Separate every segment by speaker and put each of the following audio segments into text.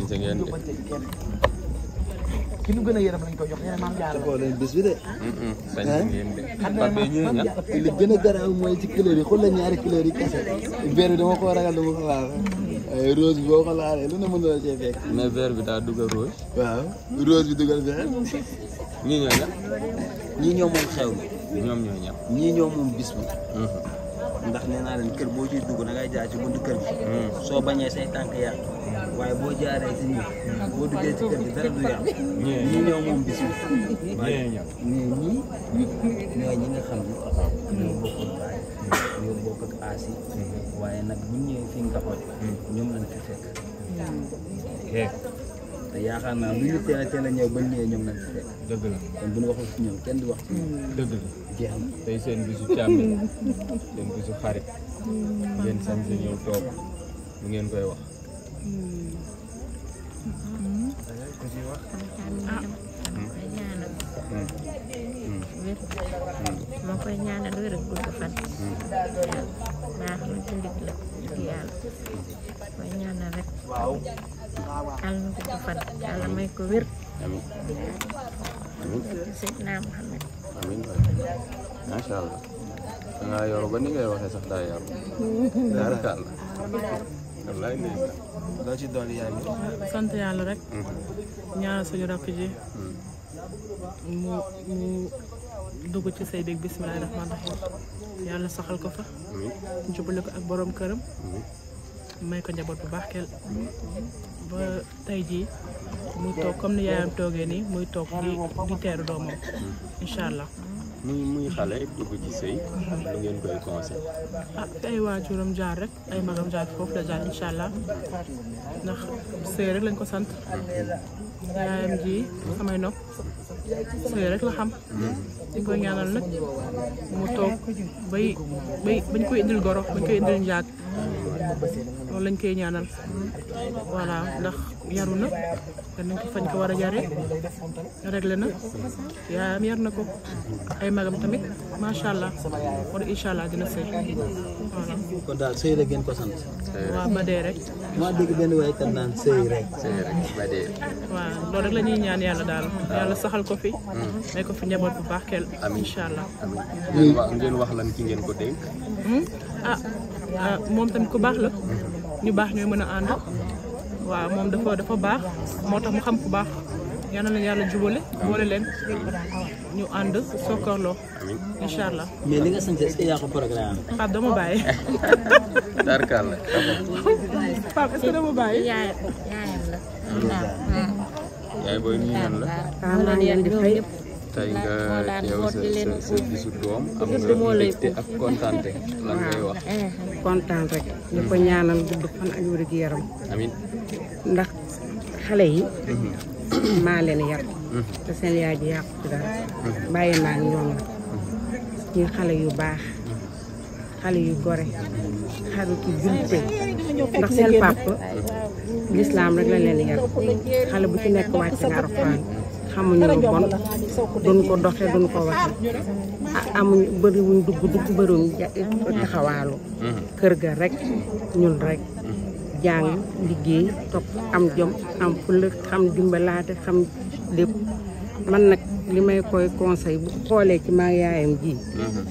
Speaker 1: añse ngeen de. ki nu gën a yërëm lañ koy jox ñu ne maam jaara ko leen bis gën mooy ci yi xool la ñaari couleur ko ragal dama ko laal. rose bi boo ko laalee bi daa dugal rose. waaw rose bi dugal vert. ñii ñoo ñam. ñii ñoom ñoo ñam. ndax nee naa kër boo ci dugg da ngay jaar ci buntu kër gi hmm. soo bañee say tànk yàq waaye boo jaaree si ñi boo duggee ci kër gi dara bi mais ñii ñooy xam ne ñoo nag bu ñëwee fii nga xooj ñoom lañ fi fekk te yaakaar naa lu ñu teel a teel a ñëw ba ñëwee ñoom lañ dëgg la kon bu ñu waxul si ñoom kenn du wax ci
Speaker 2: ñoom
Speaker 3: jeex na.
Speaker 1: tey seen bisu càmmiñ seen bisu ngeen sañ si ñëw toog mu ngeen koy wax.
Speaker 4: moo koy ñaanal wér ak gudd fan. baax na
Speaker 1: ci ndig la dëgg yàlla. koy
Speaker 5: ñaanal rek. yàlla na gudd fan
Speaker 1: yàlla may ko wér. macha allah dangaa yoru ba ni ngay waxee sax ci dolli yaa ngi.
Speaker 3: sant yàlla rek. ñaanal mm. suñu rakk ji. Mm. mu mu dugg ci say dégg bismillaahi rahmaani yàlla saxal ko fa. Mm. jubale ko ak borom këram. may ko njaboot bu baax kel ba tey jii muy toog comme ni yaayam toogee nii muy toog di teeru doomam. incha allah.
Speaker 1: muy muy xale dugg fi
Speaker 3: ah, ay waajuram jaar rek ay magam jaar foofu la jaar incha allah ndax sëy rek lañ ko sant yaayam ji samay nopp sëy rek la xam di koy ñaanal nag mu toog bay bay bañ koy indil goro bañ koy indil njaag loolu lañ koy ñaanal voilà ndax yaru na te nañ ko fañ ko war a jare réglé na yaayam yar na ko ay magam tamit macha allah kon incha allah dina sëy
Speaker 1: daal sëy rek ko sant. waaw ba dee rek. maa dégg
Speaker 3: ñaan yàlla daal yàlla saxal ko fi. Hmm. may ko fi bu baax kel. amiin incha allah. ngeen ngeen ko dénk. Hmm? Ah, Euh, moom tamit ku baax la ñu baax ñooy mën a ànd waaw moom dafa dafa baax moo tax mu xam ku baax yal na leen yàlla jubale boole leen ñu ànd sokkorloo incha allah. mais li nga
Speaker 1: sant est-ce que yaa dama bàyyi. tarkaal la.
Speaker 3: Pape
Speaker 5: est-ce bàyyi. tey nga teew sa
Speaker 1: sa bisu doom am nga mbégte ak kontaante
Speaker 5: eh, ñaanal gudd fan ak wér gu yaram ndax xale yi mhm. maa leen yar mhm. te seen yaay ji yàqu ci mhm. bàyyi naa ñoom la ñu xale yu baax xale yu gore xaritu jullite ndax seen pàpp lislaam rek la leen yar xale bu ci nekk wàcc nga Alxuraan xamuñu kon
Speaker 4: bon duñ ko doxe duñ ko waxe
Speaker 5: amuñ bëriwuñ dugg dugg bëriwuñ taxawaalu mm-hmm. kër ga rek ñun rek mm-hmm. jàng liggéey topp am jom am fulla xam dimbalaate xam lépp man nag li may koy conseil bu xoolee ci maa yaayam ji mm-hmm.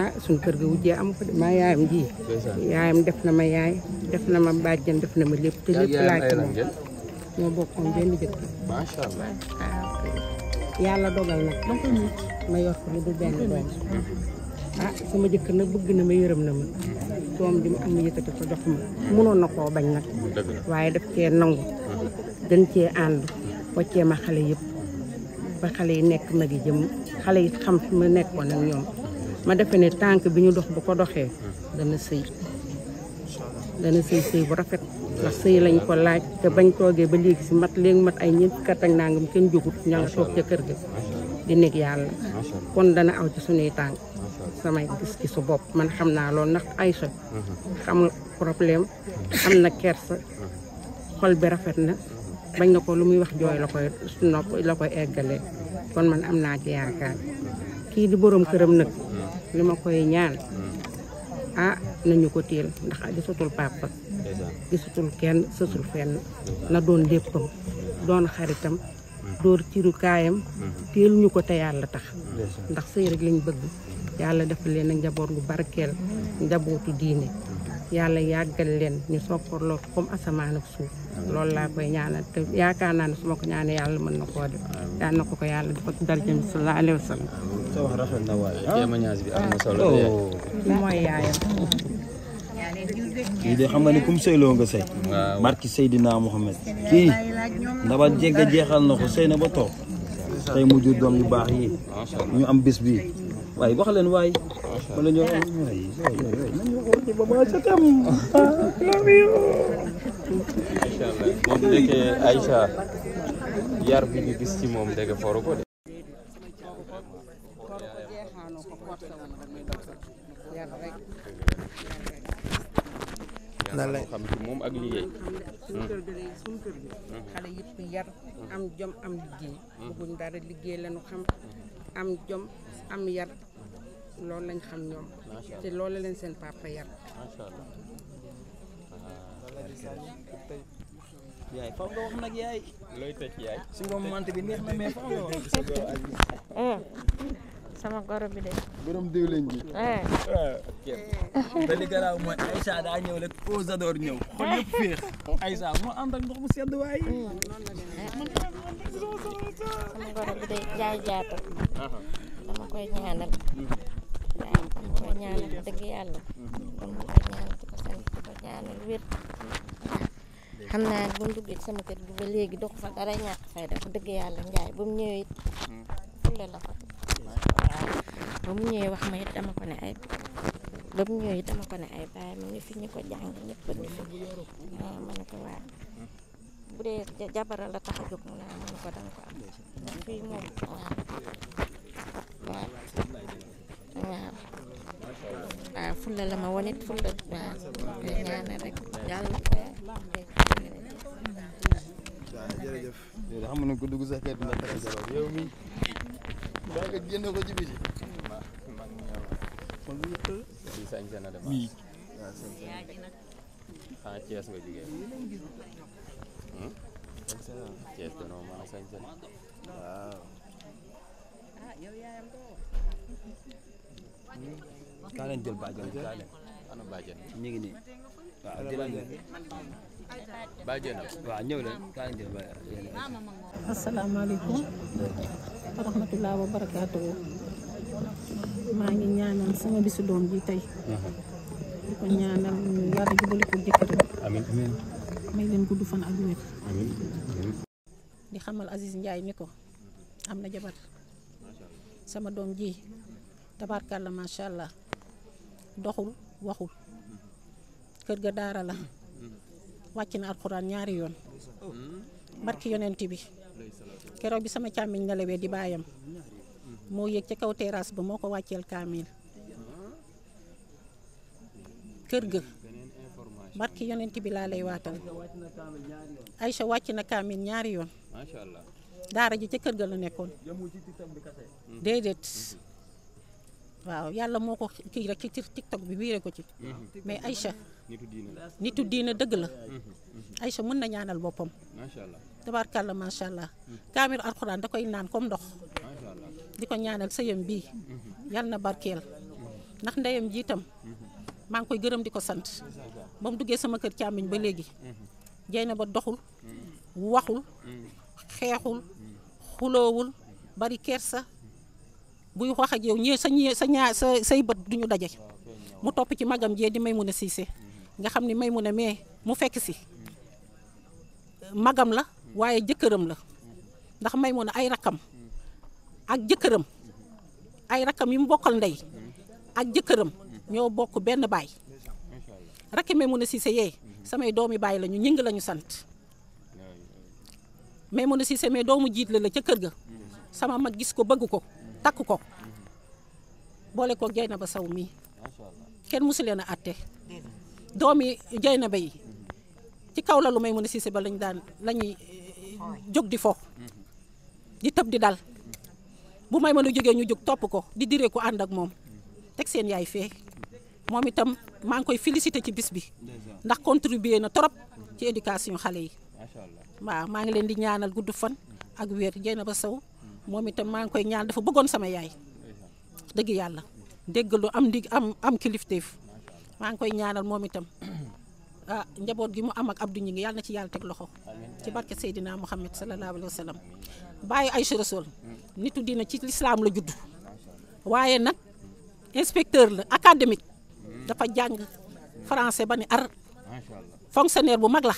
Speaker 5: ah suñ kër gi wujjee am ko de maa yaayam ji yaayam def na ma yaay def na ma bàjjan def na ma lépp te lépp laa ci ñoo bokkoon benn jëkkër. macha allah yàlla dogal nag. ma yor ko lu du benn doom. ah sama jëkkër nag bëgg na ma yërëm na ma. doom bi mu am mu yëkkati ko jox ma. mënoon na koo bañ nag. waaye daf cee nangu. dañ cee ànd. waccee ma xale yëpp. ba xale yi nekk mag yi jëm xale yi xam fi ma nekkoon ñoom. ma defe ne tànk bi ñu dox bu ko doxee. dana sëy. dana sëy sëy bu rafet.
Speaker 6: ndax sëy lañ ko
Speaker 5: laaj te bañ toogee ba léegi si mat léegi mat ay ñeent kat ak nangam kenn jógut ña nga ca kër ga di nekk yàlla kon dana aw ci suñuy tànk samay gis-gisu bopp man xam naa loolu ndax ay sot xamul problème xam na kersa xol bi rafet na bañ na ko lu muy wax jooy la koy nopp la koy eggalee kon man am naa ci yaakaar kii di boroom këram nag li ma koy ñaan ah nañu ko teel ndax gisatul papa gisatul kenn sësul fenn na doon léppam doon xaritam dóor ciru kaayam teel ko te yàlla tax ndax sëy rek lañ bëgg yàlla defal leen njaboot gu barkeel njabootu diine yàlla yàggal leen ñu sopparloo comme asamaan ak suuf loolu laa koy ñaana te yaakaar naa ne su ma ko ñaanee yàlla mën na koo def daan na ko ko yàlla defal darja bi sallallahu alayhi wa sallam ah. oh. mooy yaayam kii de xam nga ni kum sëyloo
Speaker 1: nga sëy barki Seydina Mohamed kii
Speaker 5: ndabal jégg jeexal
Speaker 1: na ko sëy na ba toog tey mu jur doom yu baax yi ñu am bis bi waaye wax leen waay wala ñoo ah, moom ndeke Aïcha yar bi ñu gis ci moom lan la xam ci moom ak
Speaker 5: liggéey. suñu kër gi suñu kër gi. xale yëpp yar am jom am liggéey. bëgguñ dara liggéey lañu xam am jom am yar loolu lañ xam ñoom. te loolu leen seen papa yar.
Speaker 1: macha allah. yaay bi neex
Speaker 5: sama goro bi de.
Speaker 1: borom diwlin ji. te li garaaw daa ñëw rek aux ador hmm.
Speaker 6: sama goro bi de jaay jaatu. dama koy ñaanal.
Speaker 2: waaw hmm. dama koy ñaanal dëgg yàlla. Hmm. dama koy ñaanal di ko sant di ko ñaanal wér. xam naa bu mu duggee sama kër gi ba léegi dox fa dara ñàkk fay dafa dëgg yàlla njaay ba mu ñëwee fulle la ko.
Speaker 5: ba mu ñëwee wax ma it dama ko ne
Speaker 2: ay ba mu ñëwee dama ko ne ay bàyyi ma ne fi ñu ko jàng ñëpp ba ñu fi ma ne ko waa bu dee jabara la tax a jóg mu ne ma ne ko danga ko am
Speaker 4: fii moom waaw waaw
Speaker 2: waaw
Speaker 5: waaw fulla la ma wonit fulla waaw ñaanal rek yàlla
Speaker 6: jërëjëf xam na ko dugg sax kër dina tax a
Speaker 1: jaroon yow mi daa ko génne ko ci biti oui. ah Thiès nga jógee. Thiès danoo mën a sañse
Speaker 5: waaw. ana bàjjen. mi ngi nii. waaw jëlaat leen.
Speaker 1: bàjjen waaw ñëw leen kaa leen jël bàjjen. wa
Speaker 4: rahmatulah maa ngi ñaanal sama bisu doom bi tey di ko ñaanal yàlla jubale ko jëkkëram amiin may leen gudd fan ak di xamal Aziz Ndiaye ni ko am na jabar sama doom ji tabarkàlla macha allah doxul waxul kër ga daara la wàcc na alxuraan ñaari yoon
Speaker 1: barki yonent bi
Speaker 4: keroog bi sama càmmiñ nelawee di baayam moo yëg ca kaw terrasse ba moo ko wàcceel kaamil kër ga
Speaker 1: barki yonent bi laa lay waatal
Speaker 4: Aïcha wàcc na kaamil ñaari yoon daara ji ca kër ga la nekkoon déedéet waaw yàlla moo ko kii rek ci tiktok bi wiire ko ci mais Aïcha nitu diina dëgg la Aïcha mën na ñaanal boppam tabaarkàlla macha allah kaamil alxuraan da koy naan comme ndox di ko ñaanal sëyam bii yal na barkeel ndax ndeyam jiitam itam maa ngi koy gërëm di ko sant ba mu duggee sama kër càmmiñ ba léegi jey na ba doxul waxul xeexul xuloowul bari kersa buy wax ak yow ñee sa ñee sa ñaa sa say bët duñu daje mu topp ci magam jee di may mun a Siise nga xam ni may ne Maymuna mais mu fekk si magam la waaye jëkkëram la ndax may Maymuna ay rakam ak jëkkëram ay rakam yi mu bokkal ndey ak jëkkëram ñoo bokk benn baay rakk Maymuna Cissé yee samay doomi baay lañu ñëng lañu sant Maymuna Cissé mais doomu jiit la la ca kër ga sama mag gis ko bëgg ko takk ko boole ko Jeynaba Saw mii kenn mosu leen a àtte doomi Jeynaba yi ci kaw la lu may Maymuna Cissé ba lañu daan lañuy eh, jóg di fo di tëb di dal bu may mën a jógee ñu jóg topp ko di diree ko ànd ak moom teg seen yaay fee moom itam maa ngi koy félicité ci bis bi ndax contribuer na trop ci éducation xale yi waaw maa ngi leen di ñaanal gudd fan ak wér jéem ba saw moom itam maa ngi koy ñaan dafa bëggoon sama yaay dëgg yàlla dégg lu am ndig am am kilifteef maa ngi koy ñaanal moom itam ah njaboot gi mu am ak Abdou ñi ngi yàlla ci yàlla teg loxo ci barke Seydina Mouhamed sallallahu alayhi wa bàyyi ay Rasool nitu dina ci lislaam la judd waaye nag inspecteur la académique dafa jàng français ba ni ar fonctionnaire bu mag la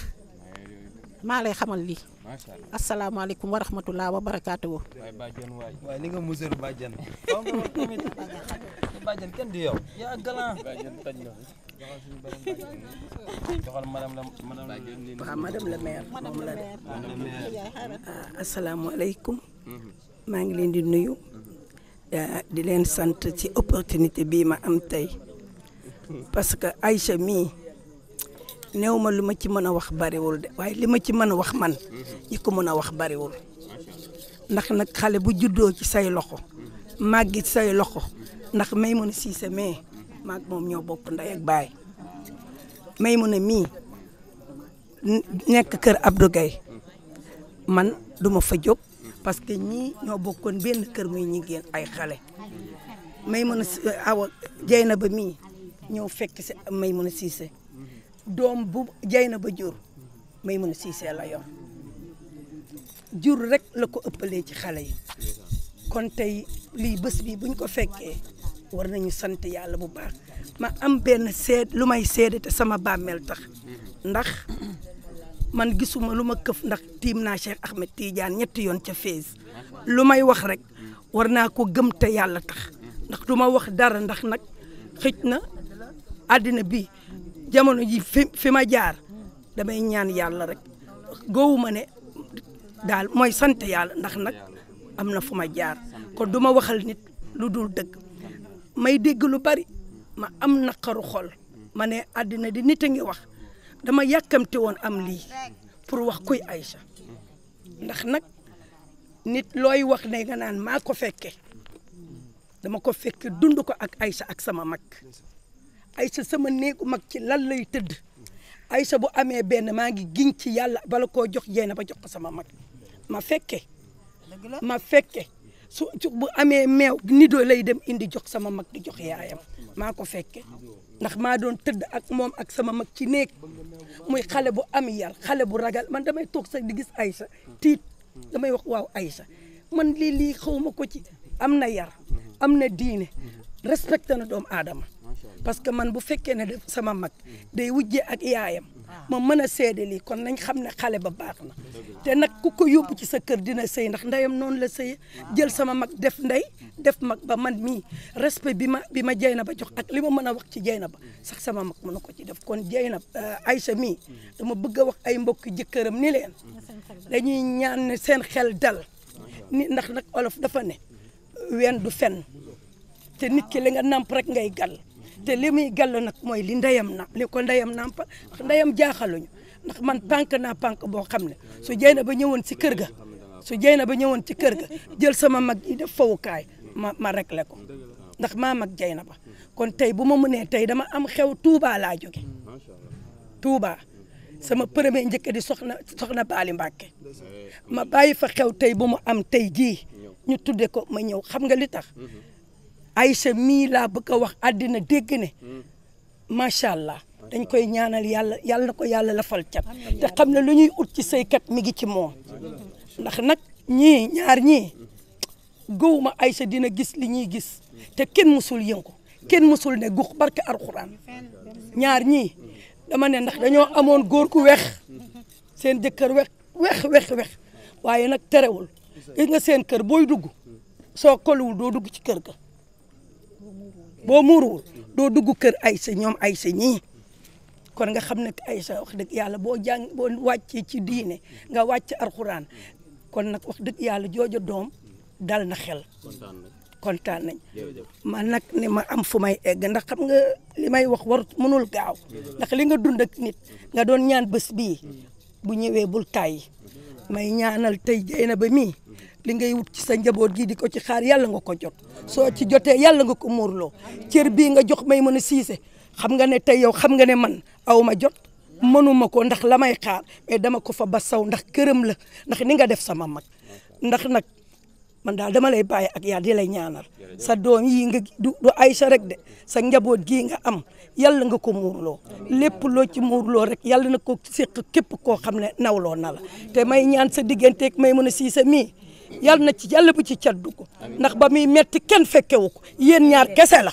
Speaker 4: maa lay xamal lii asalaamaaleykum wa rahmatulah wa barakaatu.
Speaker 1: waay bàjjan waay waaye li nga museur bàjjan. kenn du yow. joxal waaw
Speaker 6: madame la maire moom la de ah, asalaamaaleykum mhm. maa ngi leen di nuyu ah, di leen sant ci opportunité bii ma am tey parce que Aïcha mii néew ma lu ma ci mën a wax bariwul de waaye li ma ci mën a wax man mhm. ñi ko mën a wax bariwul ndax nag xale bu juddoo ci say loxo màggi say loxo ndax may mën a siise mais maag moom ñoo bokk ndey ak baay may mu ne mii nekk kër Abdou Gaye man duma fa jóg parce que ñii ñoo bokkoon benn kër muy ñi génn ay xale may mu ne jay na ba mii ñëw fekk si may mu ne siise doom bu jay na ba jur may mu ne siise la yoon jur rek la ko ëppalee ci xale yi kon tey lii bés bi buñ ko fekkee war nañu sant yàlla bu baax ma am benn seed lu may seede te sama bàmmeel tax ndax man gisuma lu ma këf ndax tiim naa Cheikh Ahmed tiijaan ñetti yoon ca Fès lu may wax rek war naa ko gëm te yàlla tax ndax du ma wax dara ndax nag xëj na àddina bi jamono ji fi ma jaar damay ñaan yàlla rek gowuma ne daal mooy sant yàlla ndax nag am na fu ma jaar kon du ma waxal nit lu dul dëkk may dégg lu bari ma am naqaru xol ma ne àddina di nit a ngi wax dama yàkkamte woon am lii pour wax kuy Aïcha ndax nag nit looy wax ne nga naan maa ko fekke dama ko fekke dund ko ak Aïcha ak sama mag Aïcha sama néegu mag ci lan lay tëdd Aïcha bu amee benn maa ngi giñ ci yàlla bala koo jox yéena ba jox ko sama mag ma fekke ma fekke su bu amee meew nido lay dem indi jox sama mag di jox yaayam maa ko fekke ndax maa doon tëdd ak moom ak sama mag ci néeg muy xale bu am yar xale bu ragal man damay toog sax di gis Aïcha tiit damay wax waaw Aïcha man lii lii xawma ko ci am na yar am na diine respecté na doomu aadama parce que man bu fekkee ne def sama mag day wujje ak yaayam ma mën a seede lii kon nañ xam ne xale ba baax na te nag ku ko yóbbu ci sa kër dina sëy ndax ndayam noonu la sëye jël sama mag def ndey def mag ba man mii respect bi ma bi ma jay na ba jox ak li ma mën a wax ci jay na ba sax sama mag mën na ko ci def kon jay na euh, Aïcha mii dama bëgg a wax ay mbokk jëkkëram ni leen dañuy ñaan ne seen xel dal ni ndax nag olof dafa ne ween du fen te nit ki li nga nàmp rek ngay gal te li muy gàll nag mooy li ndayam na li ko ndeyam nàmpa ndax ndax man pànk naa pànk boo xam ne su jey na ba ñëwoon si kër ga su jey na ba ñëwoon ci kër ga jël sama mag yi def fawukaay ma ma réglé ko ndax maa mag jey na ba kon tey bu ma mënee tey dama am xew Touba laa jóge Touba sama premier njëkk di soxna soxna Baali Mbàkke ma bàyyi fa xew tey bu mu am tey jii ñu tudde ko ma ñëw xam nga li tax Aïcha mii laa bëgg a wax àddina dégg ne macha allah dañ koy ñaanal yàlla yàlla ko yàlla lafal cat te xam ne lu ñuy ut ci saykat mi ngi ci moom ndax nag ñii ñaar ñii gëwuma Aïcha dina gis li ñuy gis te kenn musul yëngu kenn musul ne gux barke alxuraan ñaar ñi dama ne ndax dañoo amoon góor ku weex seen jëkkër weex weex weex waaye nag terewul gis nga seen kër booy dugg soo koluwul doo dugg ci kër ga boo muuruwul doo dugg kër Aïssa ñoom Aïssa ñii kon nga xam ne Aïssa wax dëgg yàlla boo jàng boo wàccee ci diine nga wàcc alxuraan kon nag wax dëgg yàlla joojo doom dal na xel kontaan nañ man nag ni ma am fu may egg ndax xam nga li may wax war mënul gaaw ndax li nga dund ak nit nga doon ñaan bés bi bu ñëwee bul tàyyi may ñaanal tey jay na ba mii li ngay wut ci sa njaboot gii di ko ci xaar yàlla nga ko jot soo ci jotee yàlla nga ko muurloo cër bii nga jox may mën a siise xam nga ne tey yow xam nga ne man awma ma jot mënuma ko ndax la may xaar mais dama ko fa basaw ndax këram la ndax ni nga def sama mag ndax nag man daal dama lay bàyyi ak yaa di lay ñaanal sa doom yii nga du du Aïcha rek de sa njaboot gii nga am yalla nga ko muurloo lépp loo ci muurloo rek yàlla na ko séq képp koo xam ne nawloo na la te may ñaan sa digganteeg may mën a siise mii yàlla na ci yàlla bu ci cat dugg ndax ba muy metti kenn fekkewu ko yéen ñaar kese la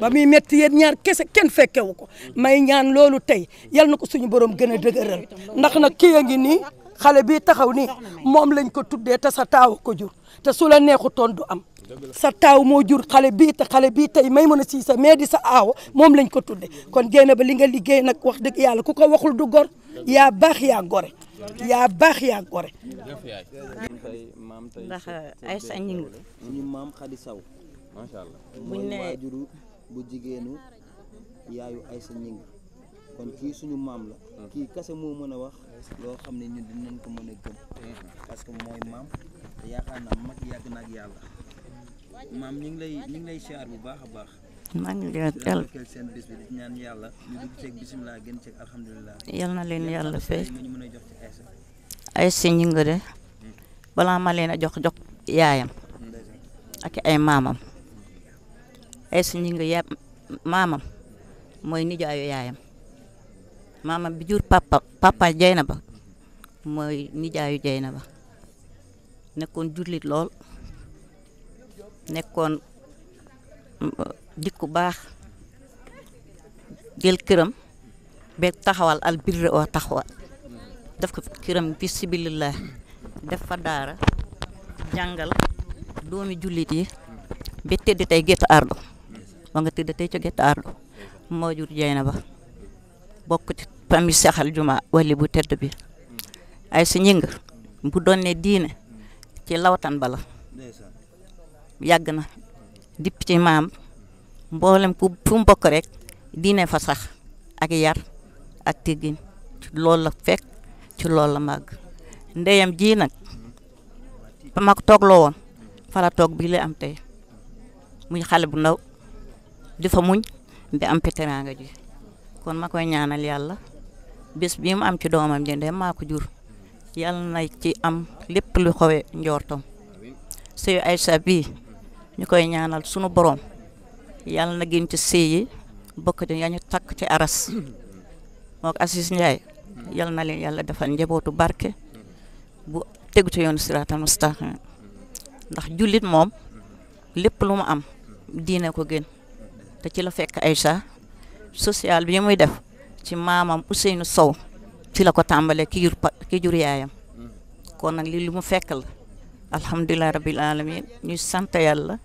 Speaker 6: ba muy metti yéen ñaar kese kenn fekkewu ko may ñaan loolu tey yàlla na ko suñu borom gën a dëgëral ndax nag kii a nii xale bii taxaw nii moom lañ ko tuddee te sa taaw ko jur te su la neexutoon du am sa taaw moo jur xale bii te xale bii tey may mën a sii sa mais di sa aaw moom lañ ko tudde kon génne ba li nga liggéey nag wax dëgg yàlla ku ko waxul du gor yaa baax yaa gore yaa baax yaa gore
Speaker 2: ndax ay sa ñing suñu
Speaker 1: maam Khady Sow macha allah buñ ne waajuru bu jigéenu yaayu ay sa ñing kon kii suñu maam la kii kase moo mën a wax loo xam ne ñun dinañ ko mën a gëm parce que mooy maam te yaakaar naa mag yàgg na ak yàlla maam ñu ngi lay ñu ngi lay siyaar bu baax a baax maa ngi leen yàlla yal na leen yàlla fay
Speaker 2: ay si ñi de hmm. balaa ma leen a jox jox yaayam ak ay maamam ay si ñi ya maamam mooy nijaayu yaayam maamam bi jur papa na ba mooy nijaayu Jeynaba nekkoon jullit lool nekkoon. nit bu baax jël këram ba taxawal al birri oo taxawal def këram bi def fa daara jàngal doomi jullit yi ba tëdd tey gétt ardo ba nga tëdd tey ca gétt ardo moo jur jeyna ba bokk ci pami saxal juma bu tedd bi ay si ñing bu doon ne diine ci lawtan bala yàgg na dipp ci maam mboolem fu fu mu rek diine fa sax ak yar ak teggin loolu la fekk ci loolu la màgg ndeyam ji nag ba ma ko toogloo woon fa la toog bi la am tey muñ xale bu ndaw di fa muñ di am pétéranga ji kon ma koy ñaanal yàlla bés bii mu am ci doomam ji ndeyam maa jur yàlla na ci am lépp lu xawe njoortam sëyu Aysa bii ñu koy ñaanal sunu boroom yàlla na gën ci sëy yi bokk yaa ñu takk ci aras moo ko Aziz Ndiaye yàlla na leen yàlla defal njabootu barke bu tegu ci yoonu siraatal mustaqim ndax jullit moom lépp lu mu am diine ko gën te ci la fekk ay Aïcha social bi muy def ci maamam Ousseynou Sow ci la ko tàmbalee ki yaayam kon nag lii lu mu fekk la alhamdulilah rabbil alamin ñuy sant yàlla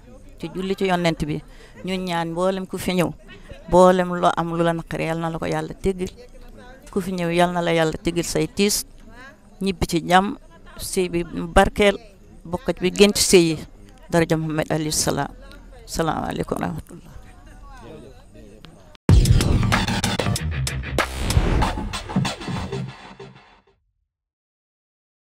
Speaker 2: ci julli ci yonent bi ñun ñaan mboolem ku fi ñëw mboolem loo am lu la naqari yal na la ko yàlla teggil ku fi ñëw yal na la yàlla teggil say tiis ñibbi ci jàmm sëy bi barkeel bokkat bi gën ci sëy yi daraja Muhammad alayhi salaam salaamaaleykum wa rahmatullah